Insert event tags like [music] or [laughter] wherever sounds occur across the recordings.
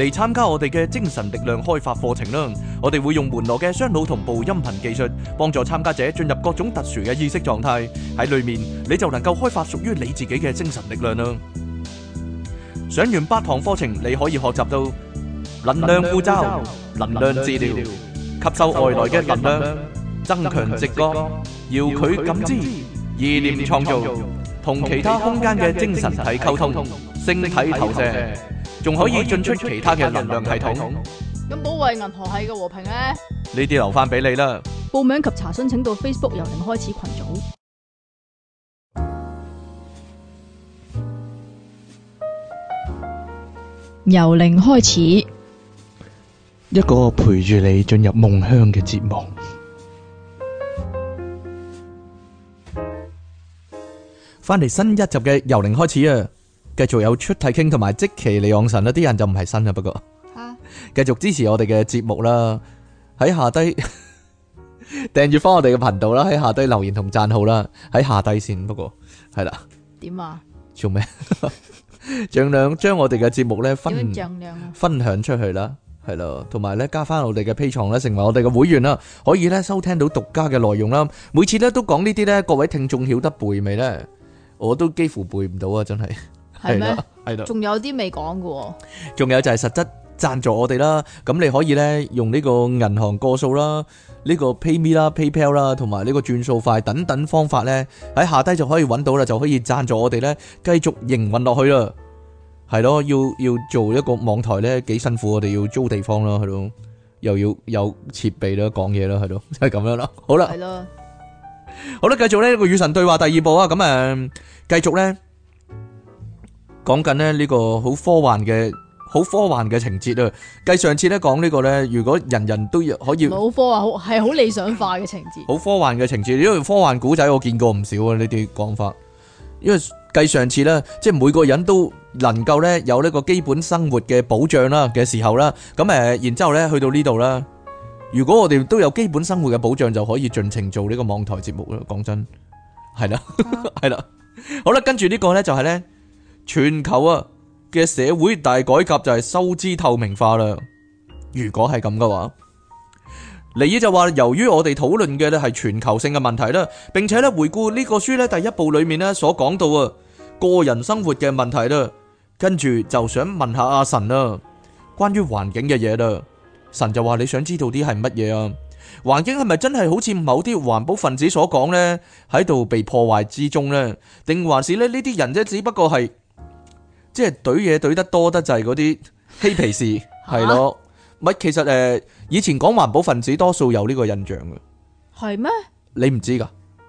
嚟參加我哋嘅精神力量開發課程啦！我哋會用門羅嘅雙腦同步音頻技術，幫助參加者進入各種特殊嘅意識狀態。喺裡面你就能夠開發屬於你自己嘅精神力量啦！上完八堂課程，你可以學習到能量護罩、能量治療、吸收外來嘅能量、增強直覺、遙距感知、意念創造、同其他空間嘅精神體溝通。晶體投射，仲可以進出其他嘅能量系統。咁保衛銀河系嘅和平咧？呢啲留翻俾你啦。報名及查詢，請到 Facebook 由零開始群組。由零開始，一個陪住你進入夢鄉嘅節目。翻嚟新一集嘅由零開始啊！繼續有出題傾，同埋即期嚟望神啦。啲人就唔係新啦，不過繼哈續支持我哋嘅節目啦。喺下低訂住翻我哋嘅頻道啦，喺下低留言同讚好啦，喺下低先。不過係啦，點啊？做咩什？盡 [laughs] 量將我哋嘅節目咧分分享出去啦，係咯。同埋咧，加翻我哋嘅 Patreon 咧，成為我哋嘅會員啦，可以咧收聽到獨家嘅內容啦。每次咧都講呢啲咧，各位聽眾曉得背未咧？我都幾乎背唔到啊，真係。係咩？係咯，仲有啲未講嘅。仲有就係實質贊助我哋啦。咁你可以咧用呢個銀行個數啦，呢個 PayMe 啦、PayPal 啦，同埋呢個轉數快等等方法咧，喺下低就可以搵到啦，就可以贊助我哋咧繼續營運落去啦。係咯，要要做一個網台咧幾辛苦，我哋要租地方啦，係咯，又要有設備啦，講嘢啦，係咯，就係咁樣啦。好啦，係咯，好啦，繼續呢個與神對話第二部啊，咁啊，繼續咧。講緊呢呢個好科幻嘅好科幻嘅情節啊！計上次呢講呢個呢，如果人人都要可以，好科幻，係好理想化嘅情節。好科幻嘅情節，因為科幻古仔我見過唔少啊！呢啲講法，因為計上次呢，即係每個人都能夠呢有呢個基本生活嘅保障啦嘅時候啦，咁誒，然之後呢去到呢度啦，如果我哋都有基本生活嘅保障，就可以盡情做呢個網台節目啦。講真，係啦，係啦，好啦，跟住呢個呢就係呢。全球啊嘅社會大改革就係收支透明化啦。如果係咁嘅話，尼爾就話由於我哋討論嘅咧係全球性嘅問題啦，並且咧回顧呢個書咧第一部裏面咧所講到啊個人生活嘅問題啦，跟住就想問下阿神啦，關於環境嘅嘢啦。神就話你想知道啲係乜嘢啊？環境係咪真係好似某啲環保分子所講咧喺度被破壞之中咧，定還是咧呢啲人啫只不過係？即係懟嘢懟得多得就係嗰啲嬉皮士係、啊、咯，咪其實誒、呃、以前講環保分子多數有呢個印象嘅，係咩嗎？你唔知㗎，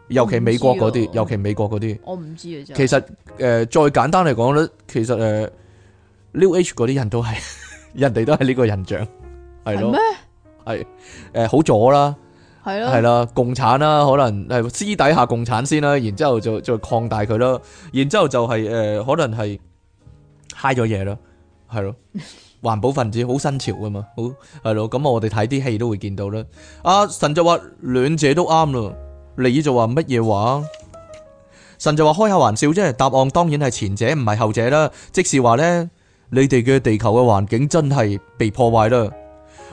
尤其美國嗰啲、啊，尤其美國嗰啲，我唔知嘅啊。其實誒、呃，再簡單嚟講咧，其實誒、呃、，New Age 嗰啲人都係 [laughs] 人哋都係呢個印象，係咯，係誒好左啦，係、呃、咯，係啦咯，共產啦，可能係私底下共產先啦，然之後，後，後就再擴大佢咯，然之後就係誒可能係。嗨咗嘢咯，係咯，環保分子好新潮㗎嘛，好係咯，咁我哋睇啲戲都會見到啦。阿、啊、神就話兩者都啱啦，尼爾就話乜嘢話？神就話開下玩笑啫，答案當然係前者唔係後者啦，即是話咧，你哋嘅地球嘅環境真係被破壞啦。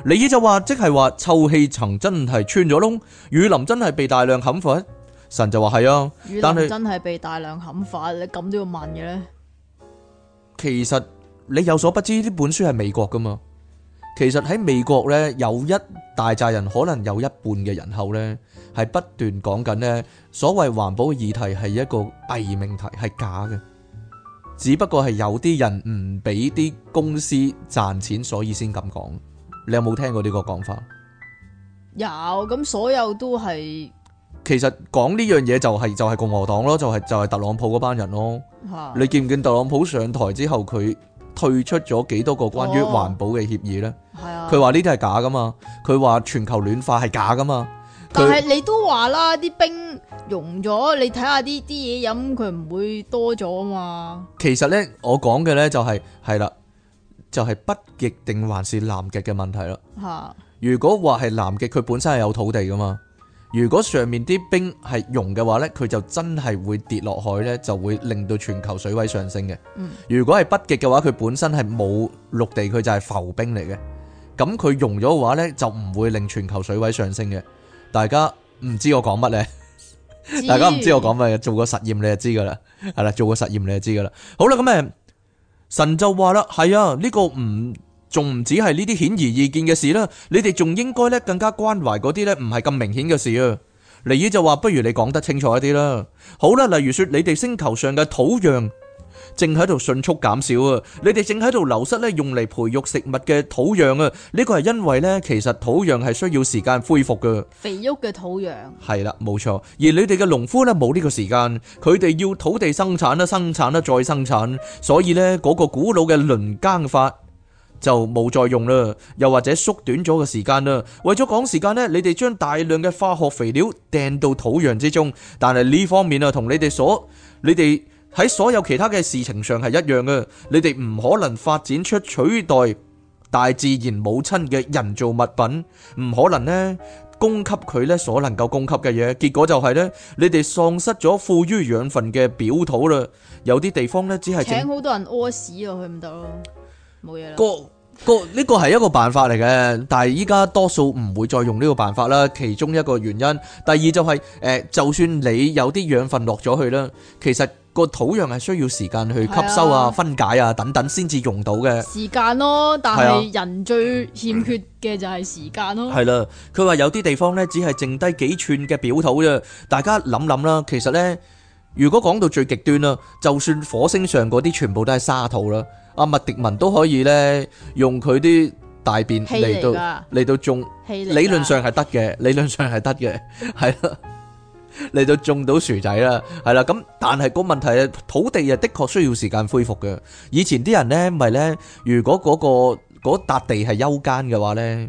尼爾就話即係話臭氣層真係穿咗窿，雨林真係被大量砍伐。神就話係啊，雨林，但係真係被大量砍伐，你咁都要問嘅咧？其實你有所不知，呢本書係美國噶嘛。其實喺美國呢，有一大扎人，可能有一半嘅人口呢，係不斷講緊呢所謂環保議題係一個偽命題，係假嘅。只不過係有啲人唔俾啲公司賺錢，所以先咁講。你有冇聽過呢個講法？有，咁所有都係。其實講呢樣嘢就係就係共和黨咯，就係就係特朗普嗰班人咯。的你見唔見特朗普上台之後佢退出咗幾多個關於環保嘅協議呢？佢話呢啲係假噶嘛，佢話全球暖化係假噶嘛。但係你都話啦，啲冰融咗，你睇下啲啲嘢飲佢唔會多咗嘛？其實呢，我講嘅呢就係係啦，就係北極定還是南極嘅問題啦。吓，的，如果話係南極，佢本身係有土地噶嘛？如果上面啲冰係融嘅話呢，佢就真係會跌落海呢，就會令到全球水位上升嘅。如果係北極嘅話，佢本身係冇陸地，佢就係浮冰嚟嘅。咁佢融咗嘅話呢，就唔會令全球水位上升嘅，嗯。大家唔知我講乜呢？然 [laughs] 大家唔知我講乜嘅？做個實驗你就知噶啦，係啦，做個實驗你就知噶啦。好啦，咁誒，神就話啦，係啊，呢、這個唔。仲唔止係呢啲顯而易見嘅事啦，你哋仲應該咧更加關懷嗰啲咧唔係咁明顯嘅事啊！尼爾就話：不如你講得清楚一啲啦。好啦，例如說你哋星球上嘅土壤正喺度迅速減少啊，你哋正喺度流失咧用嚟培育食物嘅土壤啊！呢個係因為呢，其實土壤係需要時間恢復嘅，肥沃嘅土壤係啦，冇錯。而你哋嘅農夫呢，冇呢個時間，佢哋要土地生產啦，生產啦，再生產，所以呢，嗰個古老嘅輪耕法。就冇再用啦，又或者縮短咗個時間啦。為咗趕時間呢，你哋將大量嘅化學肥料掟到土壤之中，但係呢方面啊，同你哋所、你哋喺所有其他嘅事情上係一樣嘅。你哋唔可能發展出取代大自然母親嘅人造物品，唔可能呢，供給佢呢所能夠供給嘅嘢。結果就係呢，你哋喪失咗富於養分嘅表土啦。有啲地方呢，只係請好多人屙屎落去唔到咯。個呢個係一個辦法嚟嘅，但係依家多數唔會再用呢個辦法啦。其中一個原因，第二就係、是、誒、呃，就算你有啲養分落咗去啦，其實個土壤係需要時間去吸收啊、分解啊等等，先至用到嘅。時間咯，但係人最欠缺嘅就係時間咯。係啦、啊，佢、嗯、話、嗯啊、有啲地方呢，只係剩低幾寸嘅表土啫。大家諗諗啦，其實呢，如果講到最極端啦，就算火星上嗰啲全部都係沙土啦，阿麥迪文都可以呢用佢啲大便嚟到嚟到種，理論上係得嘅，理論上係得嘅，係啦，嚟到種到薯仔啦，係啦咁，但係個問題，土地呀的確需要時間恢復嘅。以前啲人呢，咪呢，如果嗰個嗰笪地係休耕嘅話呢。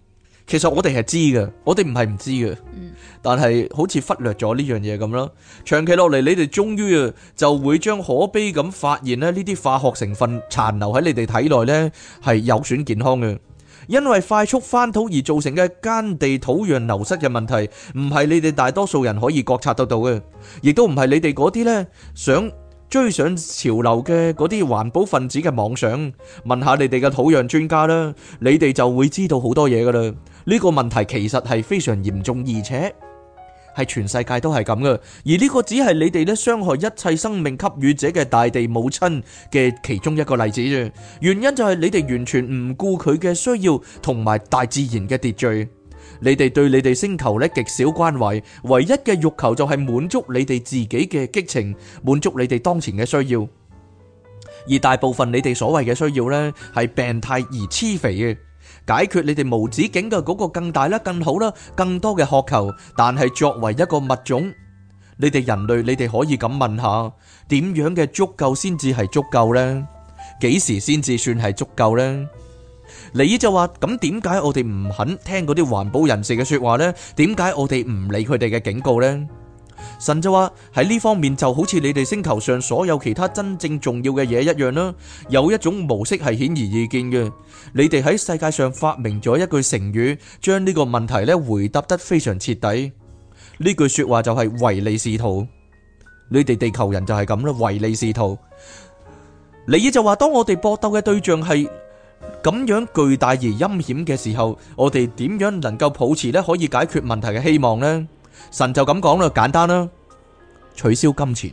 其實我哋係知嘅，我哋唔係唔知嘅，但係好似忽略咗呢樣嘢咁咯。長期落嚟，你哋終於啊就會將可悲咁發現咧，呢啲化學成分殘留喺你哋體內呢係有損健康嘅。因為快速翻土而造成嘅耕地土壤流失嘅問題，唔係你哋大多數人可以覺察得到嘅，亦都唔係你哋嗰啲呢想。追上潮流嘅嗰啲環保分子嘅妄想，問下你哋嘅土壤專家啦，你哋就會知道好多嘢噶啦。呢個問題其實係非常嚴重，而且係全世界都係咁嘅。而呢個只係你哋咧傷害一切生命給予者嘅大地母親嘅其中一個例子。原因就係你哋完全唔顧佢嘅需要，同埋大自然嘅秩序。你哋對你哋星球呢，極少關懷，唯一嘅欲求就係滿足你哋自己嘅激情，滿足你哋當前嘅需要。而大部分你哋所謂嘅需要呢係病態而痴肥嘅，解決你哋無止境嘅嗰個更大啦、更好啦、更多嘅渴求。但係作為一個物種，你哋人類，你哋可以咁問下：點樣嘅足夠先至係足夠呢？幾時先至算係足夠呢？尼爾就話，咁點解我哋唔肯聽嗰啲環保人士嘅說話呢？點解我哋唔理佢哋嘅警告呢？」神就話，喺呢方面就好似你哋星球上所有其他真正重要嘅嘢一樣啦。有一種模式係顯而易見嘅。你哋喺世界上發明咗一句成語，將呢個問題咧回答得非常徹底。呢句說話就係唯利是圖。你哋地球人就係咁啦，唯利是圖。尼爾就話，當我哋搏鬥嘅對象係。咁樣巨大而陰險嘅時候，我哋點樣能夠抱持咧可以解決問題嘅希望呢？神就咁講啦，簡單啦，取消金錢，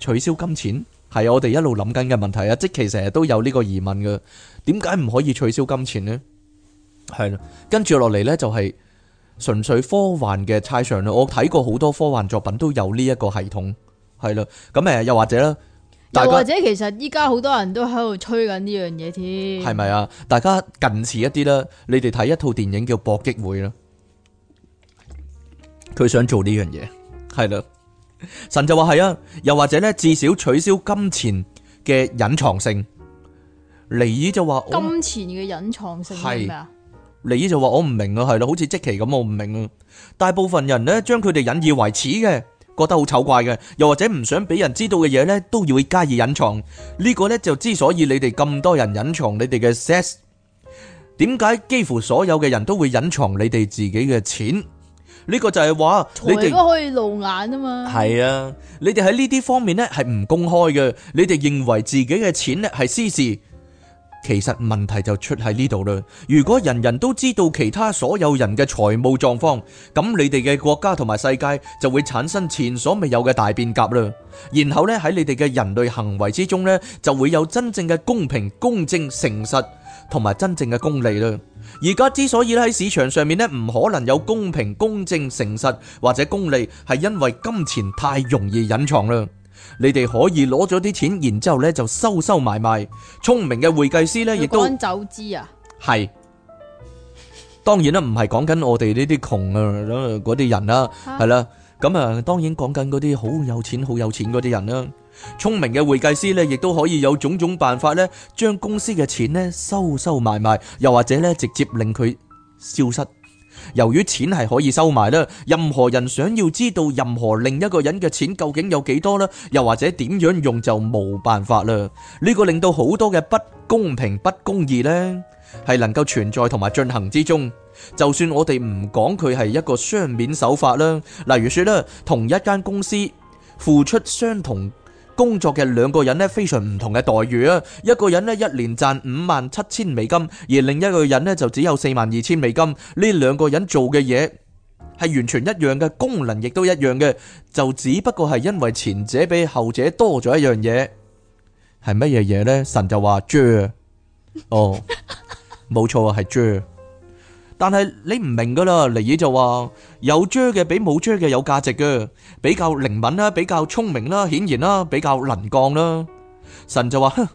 取消金錢係我哋一路諗緊嘅問題啊！即其實亦都有呢個疑問嘅，點解唔可以取消金錢呢？係啦，跟住落嚟呢，就係純粹科幻嘅猜想啦。我睇過好多科幻作品都有呢一個系統，係啦，咁誒又或者咧。又或者其實依家好多人都喺度吹緊呢樣嘢添，係咪啊？大家近似一啲啦，你哋睇一套電影叫《搏擊會》啦，佢想做呢樣嘢，係啦，神就話係啊，又或者呢，至少取消金錢嘅隱藏性，尼爾就話金錢嘅隱藏性係咩啊？尼爾就話我唔明啊，係啦，好似積奇咁，我唔明啊，大部分人呢，將佢哋引以為恥嘅，覺得好醜怪嘅，又或者唔想俾人知道嘅嘢呢，都要會加以隱藏。呢個呢，就之所以你哋咁多人隱藏你哋嘅 sex，點解幾乎所有嘅人都會隱藏你哋自己嘅錢？呢個就係話，你哋都可以露眼啊嘛。係啊，你哋喺呢啲方面呢，係唔公開嘅，你哋認為自己嘅錢呢係私事。其實問題就出喺呢度啦。如果人人都知道其他所有人嘅財務狀況，咁你哋嘅國家同埋世界就會產生前所未有嘅大變革啦。然後咧喺你哋嘅人類行為之中咧，就會有真正嘅公平、公正、誠實同埋真正嘅公理啦。而家之所以咧喺市場上面咧，唔可能有公平、公正、誠實或者公理，係因為金錢太容易隱藏啦。你哋可以攞咗啲錢，然之後呢就收收埋埋。聰明嘅會計師呢亦都幹走資啊。係，當然啦、啊，唔係講緊我哋呢啲窮啊嗰啲人啦，係啦蛤。咁啊，當然講緊嗰啲好有錢、好有錢嗰啲人啦、啊。聰明嘅會計師呢亦都可以有種種辦法呢將公司嘅錢呢收收埋埋，又或者呢直接令佢消失。由於錢係可以收埋啦，任何人想要知道任何另一個人嘅錢究竟有幾多呢，又或者點樣用就冇辦法啦。呢個令到好多嘅不公平、不公義呢，係能夠存在同埋進行之中。就算我哋唔講佢係一個雙面手法啦，例如說啦，同一間公司付出相同，工作嘅兩個人咧非常唔同嘅待遇啊，一個人咧一年賺五萬七千美金，而另一個人咧就只有四萬二千美金。呢兩個人做嘅嘢係完全一樣嘅，功能亦都一樣嘅，就只不過係因為前者比後者多咗一樣嘢，係乜嘢嘢呢？神就話 je，哦，冇、er oh, [laughs] 錯啊，係 je、er.。但係你唔明噶啦，尼爾就話有 j 嘅比冇 j 嘅有價值嘅，比較靈敏啦，比較聰明啦，顯然啦，比較能幹啦。神就話：哼，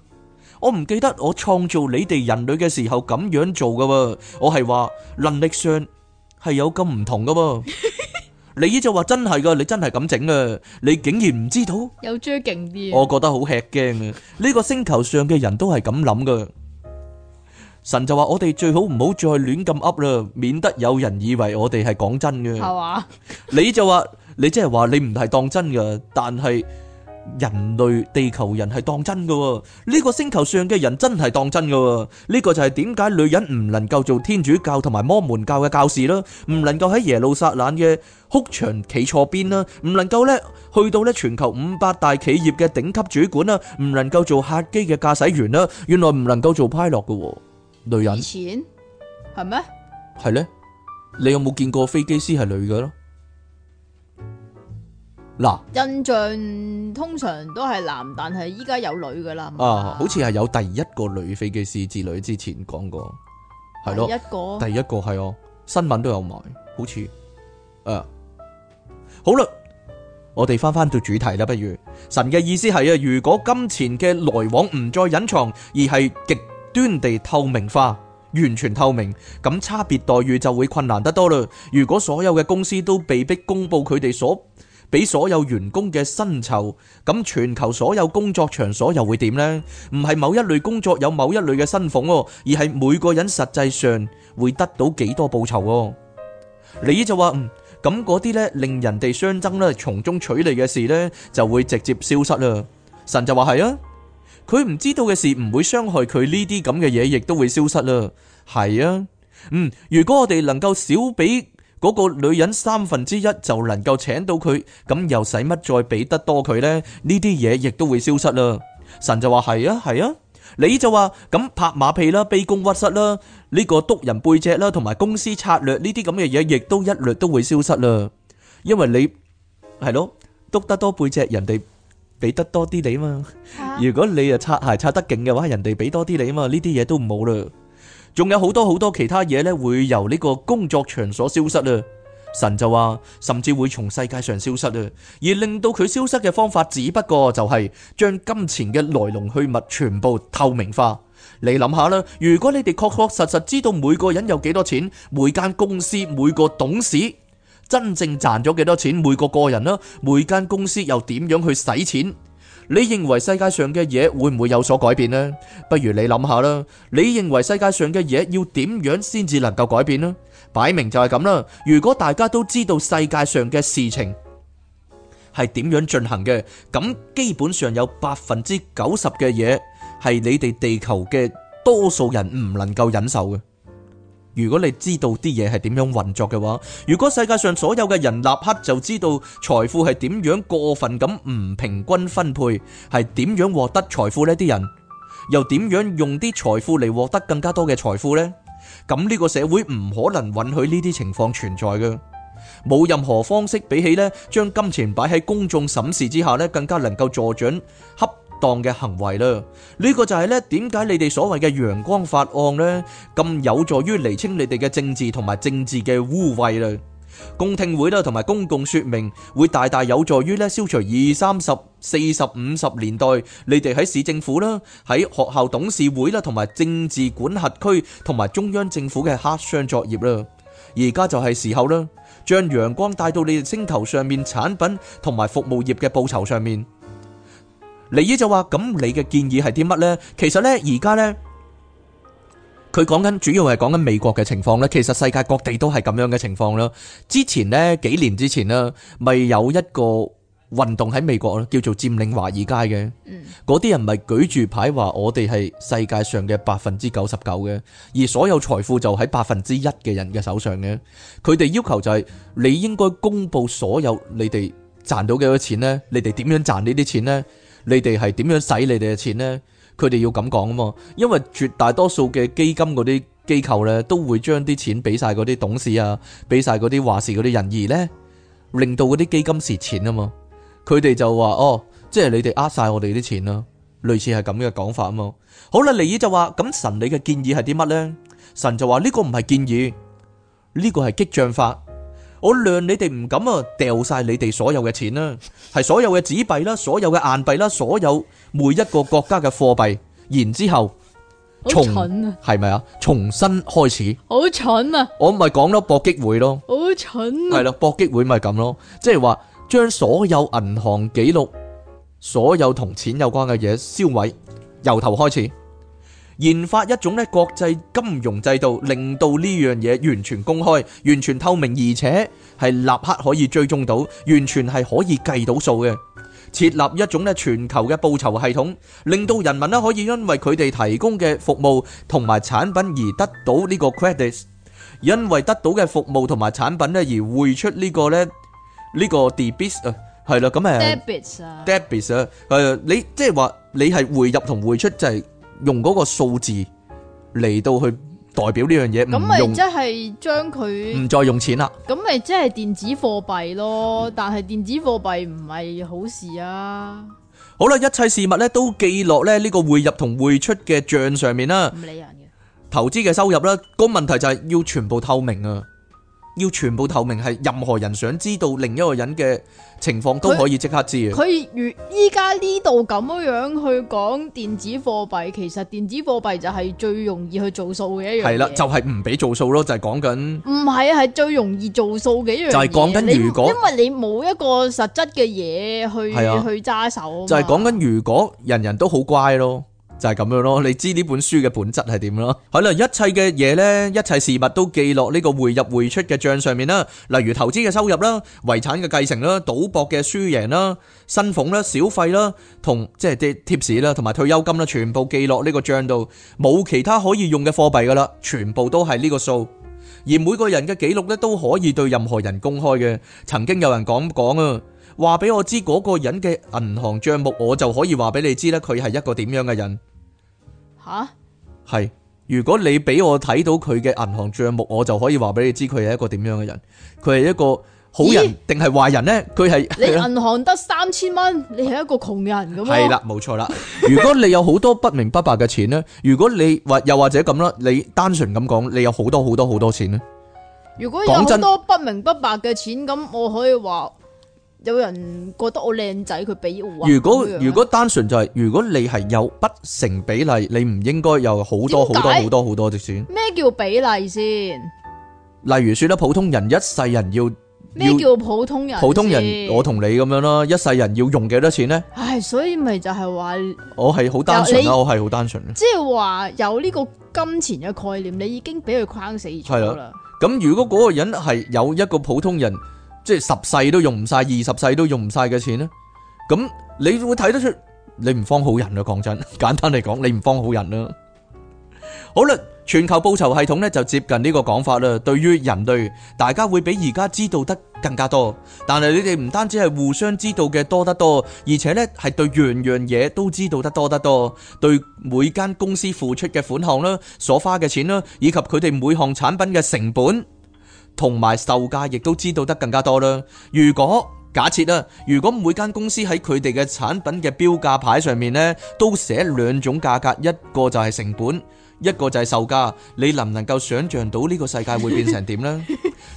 我唔記得我創造你哋人類嘅時候咁樣做噶喎，我係話能力上係有咁唔同噶噃。 [laughs] 尼爾就話：真係噶，你真係咁整啊！你竟然唔知道有 j o 勁啲！我覺得好吃驚啊！呢個星球上嘅人都係咁諗噶。神就話：我哋最好唔好再亂咁噏啦，免得有人以為我哋係講真嘅。係嘛？你就話，你即係話你唔係當真嘅，但係人類地球人係當真嘅。呢個星球上嘅人真係當真嘅。呢個就係點解女人唔能夠做天主教同埋摩門教嘅教士啦，唔能夠喺耶路撒冷嘅哭牆企錯邊啦，唔能夠咧去到咧全球五百大企業嘅頂級主管啦，唔能夠做客機嘅駕駛員啦，原來唔能夠做派落嘅。女人錢係咩？係咧，你有冇見過飛機師係女嘅咯？嗱、啊，印象通常都係男，但係依家有女嘅啦。啊，好似係有第一個女飛機師之女之前講過，係咯，第一個，第一個係哦，新聞都有埋，好似誒、啊，好啦，我哋翻翻到主題啦，不如神嘅意思係啊，如果金錢嘅來往唔再隱藏，而係極。端地透明化，完全透明，咁差別待遇就會困難得多啦。如果所有嘅公司都被逼公布佢哋所俾所有員工嘅薪酬，咁全球所有工作場所又會點呢？唔係某一類工作有某一類嘅薪俸喎，而係每個人實際上會得到幾多報酬喎。你就話嗯，咁嗰啲呢，令人哋相爭呢，從中取利嘅事呢，就會直接消失啦。神就話係啊。佢唔知道嘅事唔會傷害佢呢啲咁嘅嘢，亦都會消失啦。係啊，嗯，如果我哋能夠少俾嗰個女人三分之一，就能夠請到佢，咁又使乜再俾得多佢呢？呢啲嘢，亦都會消失啦。神就話，係啊，係啊，你就話咁拍馬屁啦，卑躬屈膝啦，呢個督人背脊啦，同埋公司策略呢啲咁嘅嘢，亦都一律都會消失啦。因為你係咯，督得多背脊，人哋，俾得多啲你嘛，如果你啊擦鞋擦得勁嘅話，人哋俾多啲你嘛，呢啲嘢都唔好啦。仲有好多好多其他嘢呢，會由呢個工作場所消失啦。神就話，甚至會從世界上消失啦，而令到佢消失嘅方法，只不過就係將金錢嘅來龍去脈全部透明化。你諗下啦，如果你哋確確實實知道每個人有幾多錢，每間公司，每個董事。真正賺咗幾多錢？每個個人囉，每間公司又點樣去使錢？你認為世界上嘅嘢會唔會有所改變呢？不如你諗下啦。你認為世界上嘅嘢要點樣先至能夠改變呢？擺明就係咁啦。如果大家都知道世界上嘅事情係點樣進行嘅，咁基本上有百分之九十嘅嘢係你哋地球嘅多數人唔能夠忍受嘅。如果你知道啲嘢係點樣運作嘅話，如果世界上所有嘅人立刻就知道財富係點樣過分咁唔平均分配，係點樣獲得財富呢啲人又點樣用啲財富嚟獲得更加多嘅財富咧？咁呢個社會唔可能允許呢啲情況存在嘅，冇任何方式比起咧將金錢擺喺公眾審視之下咧，更加能夠助長恰當嘅行為啦，呢個就係咧，點解你哋所謂嘅陽光法案咧，咁有助於厘清你哋嘅政治同埋政治嘅污穢啦。公聽會啦，同埋公共說明會大大有助於咧消除二三十、四十五十年代你哋喺市政府啦、喺學校董事會啦同埋政治管轄區同埋中央政府嘅黑箱作業啦。而家就係時候啦，將陽光帶到你哋星球上面產品同埋服務業嘅報酬上面。李姨就話，咁你嘅建議係啲乜呢？其實呢，而家呢，佢講緊主要係講緊美國嘅情況呢。其實世界各地都係咁樣嘅情況啦。之前呢，幾年之前啦，咪有一個運動喺美國啦，叫做佔領華爾街嘅。嗰啲、嗯、人咪舉住牌話，我哋係世界上嘅百分之九十九嘅，而所有財富就喺百分之一嘅人嘅手上嘅。佢哋要求就係、是、你應該公佈所有你哋賺到幾多錢，錢呢？你哋點樣賺呢啲錢呢？你哋係點樣使你哋嘅錢呢？佢哋要咁講啊嘛，因為絕大多數嘅基金嗰啲機構呢，都會將啲錢俾晒嗰啲董事啊，俾晒嗰啲話事嗰啲人，而呢，令到嗰啲基金蝕錢啊嘛，佢哋就話哦，即係你哋呃晒我哋啲錢啦，類似係咁嘅講法啊嘛。好啦，尼爾就話咁神，你嘅建議係啲乜呢？神就話呢個唔係建議，呢、這個係激將法。我量你哋唔敢啊，掉晒你哋所有嘅錢啦，係所有嘅紙幣啦，所有嘅硬幣啦，所有每一個國家嘅貨幣，然之後重係咪啊？重新開始好蠢啊！我咪講咯，搏擊會咯，好蠢係啦，搏擊會咪咁咯，即係話將所有銀行記錄、所有同錢有關嘅嘢銷毀，由頭開始。研發一種咧國際金融制度，令到呢樣嘢完全公開、完全透明，而且係立刻可以追蹤到，完全係可以計到數嘅。設立一種咧全球嘅報酬系統，令到人民啦可以因為佢哋提供嘅服務同埋產品而得到呢個 credits，因為得到嘅服務同埋產品咧而匯出呢個咧呢個 debit 啊，係啦，咁誒 debit 啊 debit 啊，誒你即係話你係匯入同匯出就係。用嗰個數字嚟到去代表呢樣嘢，咁咪即係將佢唔再用錢啦。咁咪即係電子貨幣咯，但係電子貨幣唔係好事啊。好啦，一切事物咧都記落咧呢個匯入同匯出嘅賬上面啦。唔理人嘅投資嘅收入啦，個問題就係要全部透明啊。要全部透明，係任何人想知道另一個人嘅情況，它都可以即刻知。佢如依家呢度咁樣樣去講電子貨幣，其實電子貨幣就係最容易去做數嘅一樣。係啦，就係唔俾做數咯，就係講緊。唔係啊，係最容易做數嘅一樣。就係講緊如果，因為你冇一個實質嘅嘢去的去揸手。就係講緊如果人人都好乖咯。就係咁樣咯，你知呢本書嘅本質係點咯？好啦，一切嘅嘢咧，一切事物都記落呢個匯入匯出嘅賬上面啦，例如投資嘅收入啦、遺產嘅繼承啦、賭博嘅輸贏啦、薪俸啦、小費啦，同即係啲貼士啦，同埋退休金啦，全部記落呢個賬度，冇其他可以用嘅貨幣噶啦，全部都係呢個數。而每個人嘅記錄咧都可以對任何人公開嘅。曾經有人咁講啊，話俾我知嗰個人嘅銀行賬目，我就可以話俾你知咧，佢係一個點樣嘅人。吓係哈，如果你俾我睇到佢嘅銀行賬目，我就可以話俾你知佢係一個點樣嘅人。佢係一個好人定係壞人呢？佢係你銀行得三千蚊，不你係一個窮人咁樣啊。係啦，冇錯啦。如果你有好多不明不白嘅錢呢， [laughs] 如果你或又或者咁啦，你單純咁講，你有好多好多好多好多錢呢。如果有好多不明不白嘅錢，咁我可以話。有人覺得我靚仔，佢俾我。如果如果單純就係，如果你係有不成比例，你唔應該有好多好多好多好多錢。咩叫比例先？例如說咧，普通人一世人要咩叫普通人？普通人我同你咁樣啦，一世人要用幾多錢咧？唉，所以咪就係話，我係好單純啦，我係好單純啦。即係話有呢個金錢嘅概念，你已經俾佢框死咗啦。咁如果嗰個人係有一個普通人。即係十世都用唔晒，二十世都用唔晒嘅錢呢，咁你會睇得出你唔方好人啦，講真，簡單嚟講，你唔方好人啦。 [laughs] 好啦，全球報酬系統呢就接近呢個講法啦。對於人類，大家會比而家知道得更加多，但係你哋唔單止係互相知道嘅多得多，而且呢係對樣樣嘢都知道得多得多，對每間公司付出嘅款項啦，所花嘅錢啦，以及佢哋每項產品嘅成本。同埋售價，亦都知道得更加多啦。如果假設啦，如果每間公司喺佢哋嘅產品嘅標價牌上面呢，都寫兩種價格，一個就係成本。一個就係售價，你能唔能夠想象到呢個世界會變成點呢？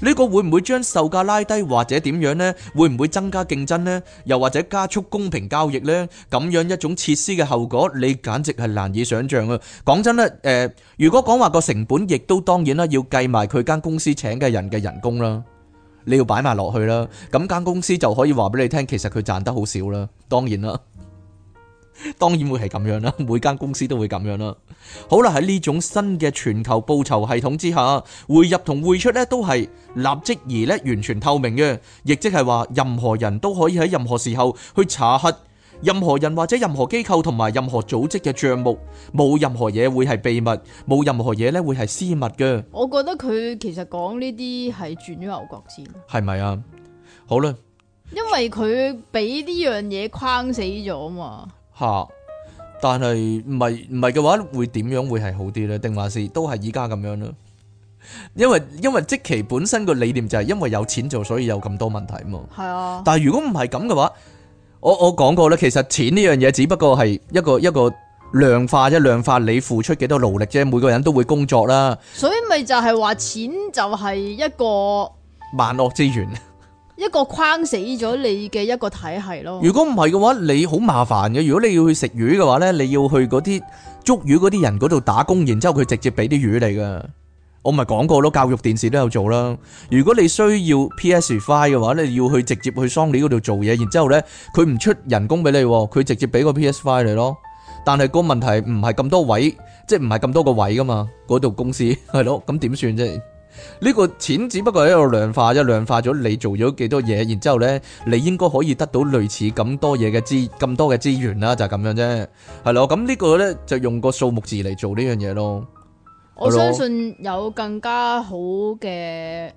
呢個會唔會將售價拉低或者點樣呢？會唔會增加競爭呢？又或者加速公平交易呢？咁樣一種設施嘅後果，你簡直係難以想象啊！講真咧，誒，如果講話個成本，亦都當然啦，要計埋佢間公司請嘅人嘅人工啦，你要擺埋落去啦，咁間公司就可以話俾你聽，其實佢賺得好少啦。當然啦。當然會係咁樣啦，每間公司都會咁樣啦。好啦，喺呢種新嘅全球報酬系統之下，匯入同匯出呢都係立即而呢完全透明嘅，亦即係話任何人都可以喺任何時候去查核任何人或者任何機構同埋任何組織嘅賬目，冇任何嘢會係秘密，冇任何嘢呢會係私密嘅。我覺得佢其實講呢啲係轉咗牛角尖，係咪啊？好啦，因為佢俾呢樣嘢框死咗嘛。吓，但係唔係唔係嘅話，會點樣會係好啲呢？定話是都係依家咁樣咯？因為因為積其本身個理念就係因為有錢做，所以有咁多問題嘛。係啊、但係如果唔係咁嘅話，我我講過咧，其實錢呢樣嘢只不過係一個一個量化一量化你付出幾多勞力啫。每個人都會工作啦，所以咪就係話錢就係一個萬惡之源。一個框死咗你嘅一個體系咯。如果唔係嘅話，你好麻煩嘅。如果你要去食魚嘅話咧，你要去嗰啲捉魚嗰啲人嗰度打工，然之後佢直接俾啲魚你噶。我咪講過咯，教育電視都有做啦。如果你需要 PS5 嘅話，你要去直接去桑尼嗰度做嘢，然之後咧佢唔出人工俾你，佢直接俾個 PS5 你咯。但係個問題唔係咁多位，即係唔係咁多個位噶嘛？嗰度公司係咯，咁點算啫？呢個錢只不過係一個量化，一量化咗你做咗幾多嘢，然之後呢，你應該可以得到類似咁多嘢嘅資，咁多嘅資源啦，就係、是、咁樣啫，係咯。咁、這、呢個呢，就用個數目字嚟做呢樣嘢咯。我相信有更加好嘅嘅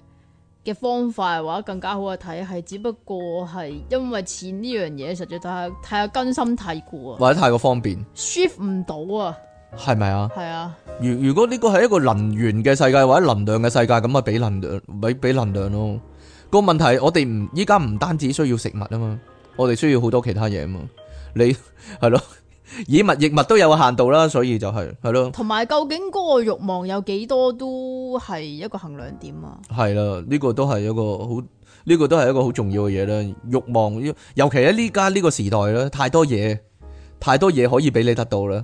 的方法或者更加好嘅體系，只不過係因為錢呢樣嘢，實在太太根深蒂固啊，或者太過方便，shift 唔到啊。係咪啊？係啊。如如果呢個係一個能源嘅世界或者能量嘅世界，咁啊俾能量，咪俾能量咯。個問題我哋唔依家唔單止需要食物啊嘛，我哋需要好多其他嘢啊嘛。你係咯，以物易物都有限度啦，所以就係、係、係咯。同埋，究竟嗰個欲望有幾多都係一個衡量點啊？係啦、啊，呢、呢個都係一個好，呢、呢個都係一個好重要嘅嘢啦。欲望，尤其喺呢家呢個時代咧，太多嘢，太多嘢可以俾你得到啦。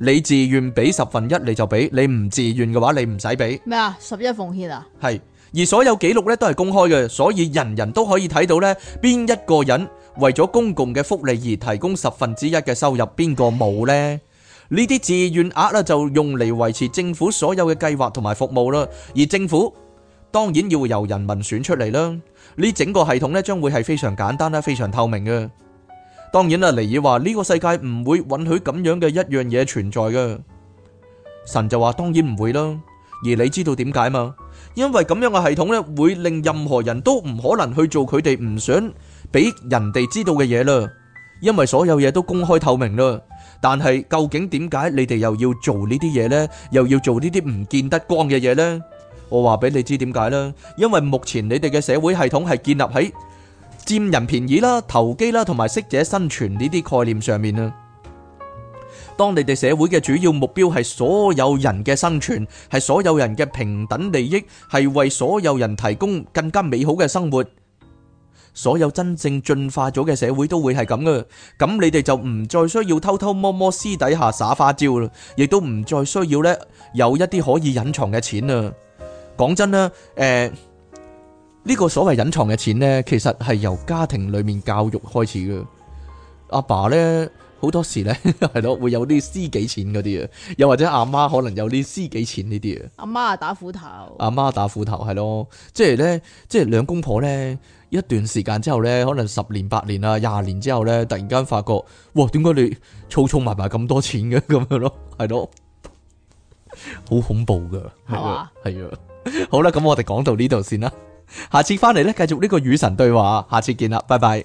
你自願俾十分一，你就俾；你唔自願嘅話，你唔使俾。咩啊？十一奉獻啊？係。而所有記錄咧都係公開嘅，所以人人都可以睇到咧，邊一個人為咗公共嘅福利而提供十分之一嘅收入，邊個冇咧？呢啲自願額咧就用嚟維持政府所有嘅計劃同埋服務啦。而政府當然要由人民選出嚟啦。呢整個系統咧將會係非常簡單啦，非常透明嘅。當然啦，尼爾話呢個世界唔會允許咁樣嘅一樣嘢存在嘅。神就話當然唔會啦。而你知道點解嘛？因為咁樣嘅系統咧，會令任何人都唔可能去做佢哋唔想俾人哋知道嘅嘢啦。因為所有嘢都公開透明啦。但係究竟點解你哋又要做呢啲嘢呢？又要做呢啲唔見得光嘅嘢呢？我話俾你知點解啦。因為目前你哋嘅社會系統係建立喺。佔人便宜啦、投機啦，同埋適者生存呢啲概念上面啊。當你哋社會嘅主要目標係所有人嘅生存，係所有人嘅平等利益，係為所有人提供更加美好嘅生活。所有真正進化咗嘅社會都會係咁嘅，咁你哋就唔再需要偷偷摸摸、私底下耍花招啦，亦都唔再需要呢有一啲可以隱藏嘅錢啊。講真啦，誒～呢個所謂隱藏嘅錢呢，其實係由家庭裏面教育開始嘅。阿爸呢，好多時呢，係 [laughs] 咯，會有啲私己錢嗰啲啊，又或者阿媽可能有啲私己錢呢啲啊。阿媽打斧頭，阿媽打斧頭係咯，即係呢，即係兩公婆呢，一段時間之後呢，可能十年八年啊，廿年之後呢，突然間發覺，哇，點解你儲儲埋埋咁多錢嘅咁樣咯？係 [laughs] 咯，好恐怖噶，係啊，係啊吧， [laughs] 是的 [laughs] 好啦，咁我哋講到呢度先啦。下次翻嚟咧，繼續呢個與神對話，下次見啦，拜拜。.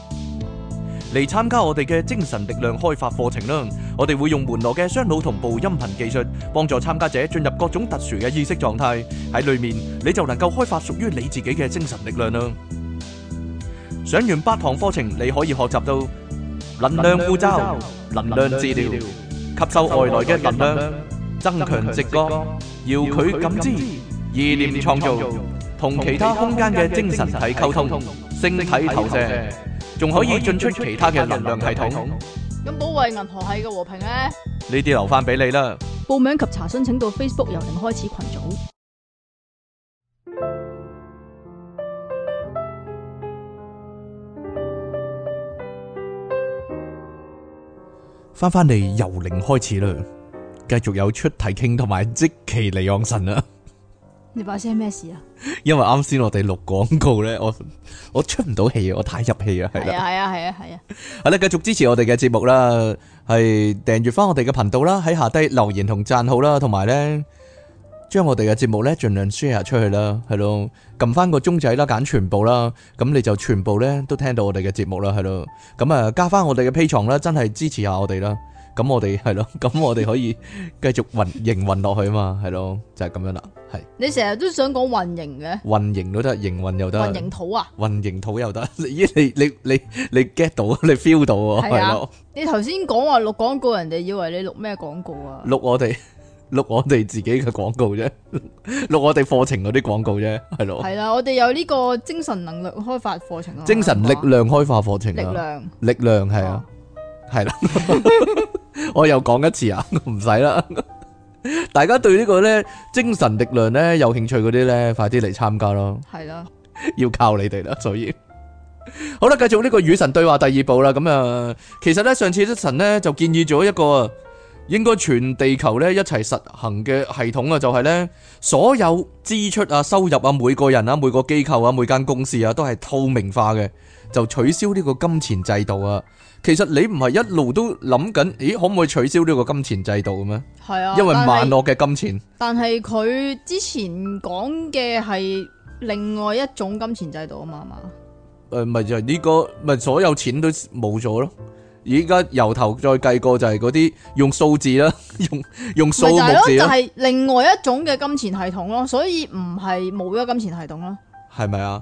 嚟參加我哋嘅精神力量開發課程啦！我哋會用門羅嘅雙腦同步音頻技術，幫助參加者進入各種特殊嘅意識狀態。喺裏面，你就能夠開發屬於你自己嘅精神力量啦！上完八堂課程，你可以學習到能量護罩、能量治療、吸收外來嘅能量、增強直覺、遙距感知、意念創造、同其他空間嘅精神體溝通、星體投射。仲可以進出其他嘅能量系統。咁保衛銀河系嘅和平咧？呢啲留翻俾你啦。報名及查詢請到 Facebook 由零開始群組。翻翻嚟由零開始啦，繼續有出題傾同埋即期嚟養神啦。你把聲咩事啊？因為啱先我哋錄廣告咧，我我出唔到氣啊，我太入氣啊，係啊，係啊，係啊，係啊，係啦，繼續支持我哋嘅節目啦，係訂閱翻我哋嘅頻道啦，喺下低留言同讚好啦，同埋咧將我哋嘅節目咧盡量 share 出去啦，係咯，撳翻個鐘仔啦，揀全部啦，咁你就全部咧都聽到我哋嘅節目啦，係咯，咁啊加翻我哋嘅 P 床啦，真係支持下我哋啦。咁我哋係咯，咁我哋可以繼續運營運落去啊嘛，係咯，就係咁樣啦，係。你成日都想講運營嘅。運營都得，營運又得。運營土啊。運營土又得，咦？你你你你 get 到啊？你 feel 到啊？係咯。你頭先講話錄廣告，人哋以為你錄咩廣告啊？錄我哋錄我哋自己嘅廣告啫，錄我哋課程嗰啲廣告啫，係咯。係啦，我哋有呢個精神能力開發課程啊。精神力量開發課程啊。力量。力量係啊，係啦。我又講一次啊，唔使啦！大家對個呢個咧精神力量咧有興趣嗰啲呢，快啲嚟參加咯！係啦，要靠你哋啦，所以 [laughs] 好啦，繼續呢個與神對話第二部啦。咁、嗯、啊，其實呢，上次啲神呢，就建議咗一個應該全地球呢一齊實行嘅系統啊，就係、是、呢所有支出啊、收入啊、每個人啊、每個機構啊、每間公司啊，都係透明化嘅。就取消呢個金錢制度啊！其實你唔係一路都諗緊，咦？可唔可以取消呢個金錢制度嘅咩？係啊，因為萬惡嘅金錢。但係佢之前講嘅係另外一種金錢制度啊嘛，係嘛。誒，咪就係呢個，咪所有錢都冇咗咯。而家由頭再計過就係嗰啲用數字啦，用用數目字咯。就係另外一種嘅金錢系統咯，所以唔係冇咗金錢系統咯。係咪啊？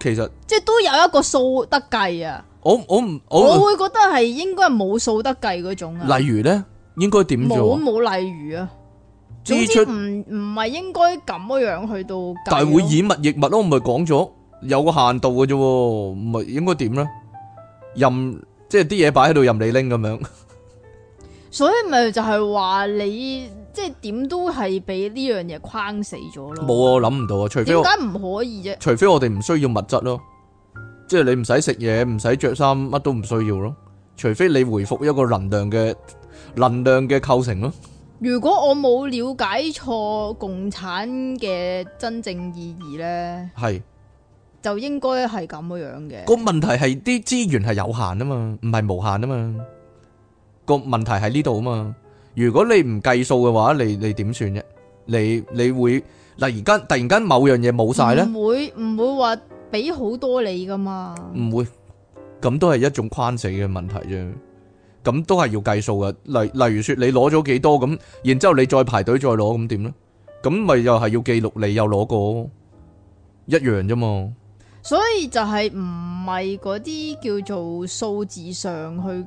其實即係都有一個數得計啊！我我唔我會覺得係應該係冇數得計嗰種啊。例如咧，應該點做？冇冇例如啊，總之唔唔係應該咁樣去到。但會以物易物咯，唔係講咗有個限度嘅啫，唔係應該點咧？任即係啲嘢擺喺度任你拎，咁樣，所以咪就係話你。即係點都係俾呢樣嘢框死咗咯。冇啊，我諗唔到啊！除非點解唔可以啫？除非我哋唔需要物質咯，即係你唔使食嘢，唔使着衫，乜都唔需要咯。除非你回復一個能量嘅能量嘅構成咯。如果我冇了解錯共產嘅真正意義咧，係，就應該係咁樣嘅。個問題係啲資源係有限啊嘛，唔係無限啊嘛。個問題喺呢度啊嘛。如果你唔計數嘅話，你你點算啫？你你會嗱而家突然間某樣嘢冇晒咧？唔會唔會話俾好多你噶嘛？唔會，咁都係一種框死嘅問題啫。咁都係要計數噶。例例如說你攞咗幾多，咁然之後你再排隊再攞，咁點咧？咁咪又係要記錄你又攞過一樣啫嘛？所以就係唔係嗰啲叫做數字上去。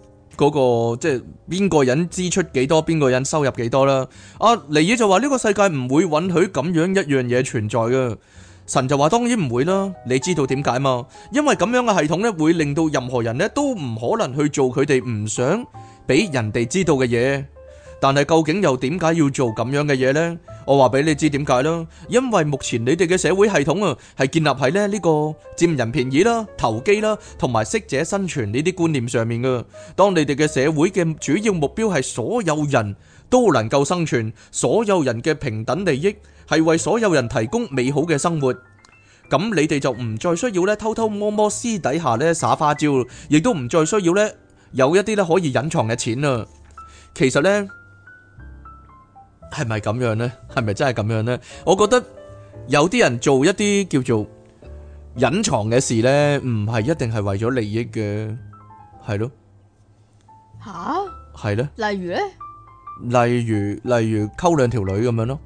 嗰、那個即係邊個人支出幾多，邊個人收入幾多啦？阿、啊、尼爾就話呢個世界唔會允許咁樣一樣嘢存在㗎。神就話當然唔會啦。你知道點解嘛？因為咁樣嘅系統咧，會令到任何人咧都唔可能去做佢哋唔想俾人哋知道嘅嘢。但係究竟又點解要做咁樣嘅嘢咧？我話俾你知點解啦，因為目前你哋嘅社會系統啊，係建立喺咧呢個佔人便宜啦、投機啦，同埋適者生存呢啲觀念上面㗎。當你哋嘅社會嘅主要目標係所有人都能夠生存，所有人嘅平等利益係為所有人提供美好嘅生活，咁你哋就唔再需要咧偷偷摸摸、私底下咧耍花招，亦都唔再需要咧有一啲咧可以隱藏嘅錢啦。其實咧。係咪咁樣呢？係咪真係咁樣呢？我覺得有啲人做一啲叫做隱藏嘅事呢，唔係一定係為咗利益嘅，係咯？吓係咧？例如呢？例如，例如溝兩條女咁樣咯。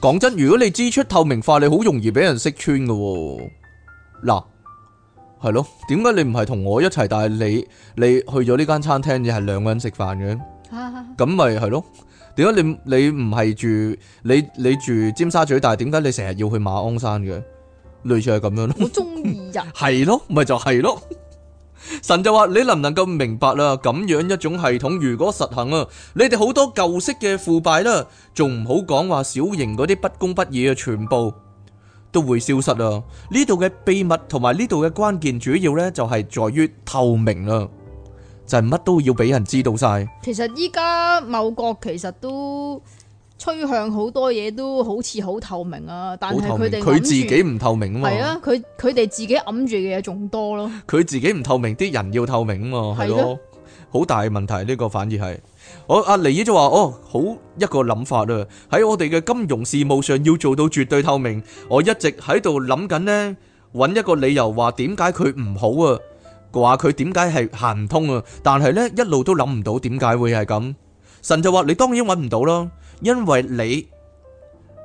講真，如果你支出透明化，你好容易俾人識穿㗎。嗱，係咯？點解你唔係同我一齊？但係你你去咗呢間餐廳，亦係兩個人食飯嘅。咁咪係咯？點解你你唔係住你你住尖沙咀，但係點解你成日要去馬鞍山嘅？類似係咁樣咯。我中意人係咯，咪就係咯。神就話你能唔能夠明白啦？咁樣一種系統如果實行啊，你哋好多舊式嘅腐敗啦，仲唔好講話小型嗰啲不公不義啊，全部都會消失啦。呢度嘅秘密同埋呢度嘅關鍵主要呢就係在於透明啦。就係乜都要俾人知道晒。其實依家某國其實都趨向好多嘢都好似好透明啊，但係佢自己唔透明啊嘛。係啊，佢佢哋自己揞住嘅嘢仲多咯。佢自己唔透明，啲人要透明啊嘛，係咯，好大問題呢個反而係。我阿尼爾就話哦，好一個諗法啊，喺我哋嘅金融事務上要做到絕對透明。我一直喺度諗緊呢，揾一個理由話點解佢唔好啊。話佢點解係行唔通啊？但係呢一路都諗唔到點解會係咁。神就話，你當然搵唔到啦，因為你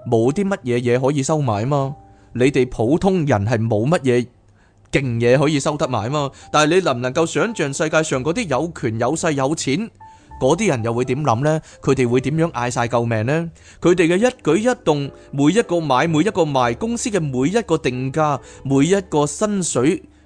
冇啲乜嘢嘢可以收買嘛。你哋普通人係冇乜嘢勁嘢可以收得買嘛。但係你能唔能夠想象世界上嗰啲有權有勢有錢嗰啲人又會點諗呢？佢哋會點樣嗌晒救命呢？佢哋嘅一舉一動，每一個買每一個賣，公司嘅每一個定價，每一個薪水。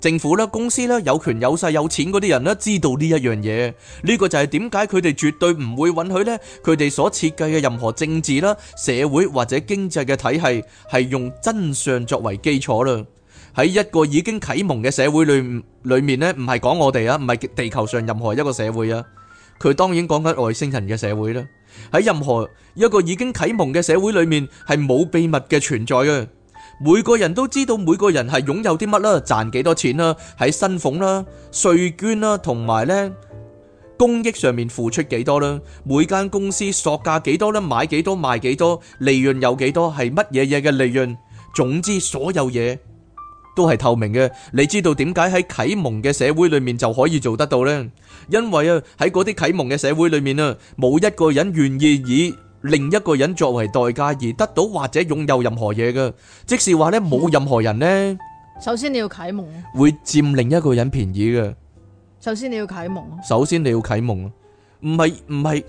政府啦，公司啦，有權有勢有錢嗰啲人啦，知道呢一樣嘢，呢個就係點解佢哋絕對唔會允許呢？佢哋所設計嘅任何政治啦、社會或者經濟嘅體系係用真相作為基礎啦。喺一個已經啟蒙嘅社會裏裏面呢，唔係講我哋啊，唔係地球上任何一個社會啊，佢當然講緊外星人嘅社會啦。喺任何一個已經啟蒙嘅社會裏面，係冇秘密嘅存在嘅。每個人都知道每個人係擁有啲乜啦，賺幾多錢啦，喺薪俸啦、稅捐啦，同埋呢公益上面付出幾多啦。每間公司索價幾多呢？買幾多賣幾多，利潤有幾多，係乜嘢嘢嘅利潤？總之，所有嘢都係透明嘅。你知道點解喺啟蒙嘅社會裏面就可以做得到呢？因為啊，喺嗰啲啟蒙嘅社會裏面啊，冇一個人願意以。另一個人作為代價而得到或者擁有任何嘢嘅。即是話呢，冇任何人呢。首先你要啟蒙，會佔另一個人便宜嘅，首先你要啟蒙咯。首先你要啟蒙咯，唔係唔係